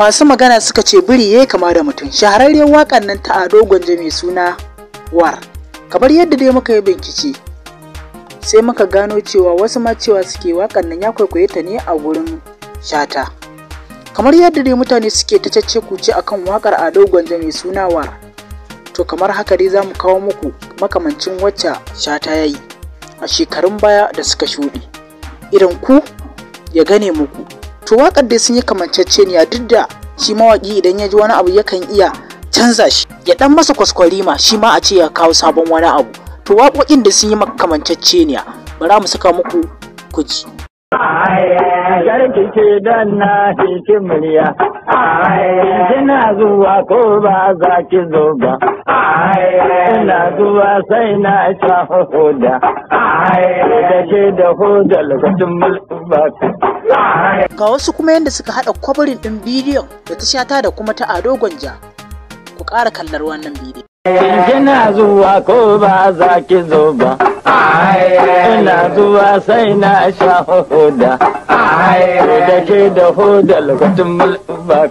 masu magana suka ce biri ya kama da mutum shahararren wakan nan ta ado gwanje mai suna war kamar yadda dai muka yi bincike sai muka gano cewa wasu ma cewa suke wakan nan ya kwaikwaye ta ne a wurin shata kamar yadda dai mutane suke ta cacce kuce kan wakar ado gwanje mai suna war to kamar haka dai za mu kawo muku makamancin wacce shata ya yi a shekarun baya da suka shuɗe irin ku ya gane muku to wakar dai sun yi kamanceceniya duk da shi mawaki idan ya ji wani abu yakan iya canza shi ya dan masa kwaskwarima shi ma a ce ya kawo sabon wani abu to waƙoƙin da sun yi kamanceceniya bara mu saka muku kuji Garki ce don na ki murya, kina zuwa ko ba za ki zo ba, ina zuwa sai na sha huda, da ke da huda lokacin mulki. Ga wasu kuma yadda suka haɗa kwabarin ɗin bidiyon da ta shata da kuma ta ado gwanja. Ku ƙara kallar wannan bidiyon. Kina zuwa ko ba za ki zo ba. Ina zuwa sai na sha hoda. Da ke da hoda lokacin mulki ba.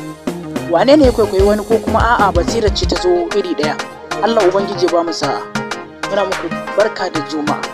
wane ne ya kwaikwayi wani ko kuma a'a basirar ce ta zo iri ɗaya Allah Ubangiji ba mu sa'a muna muku barka da juma'a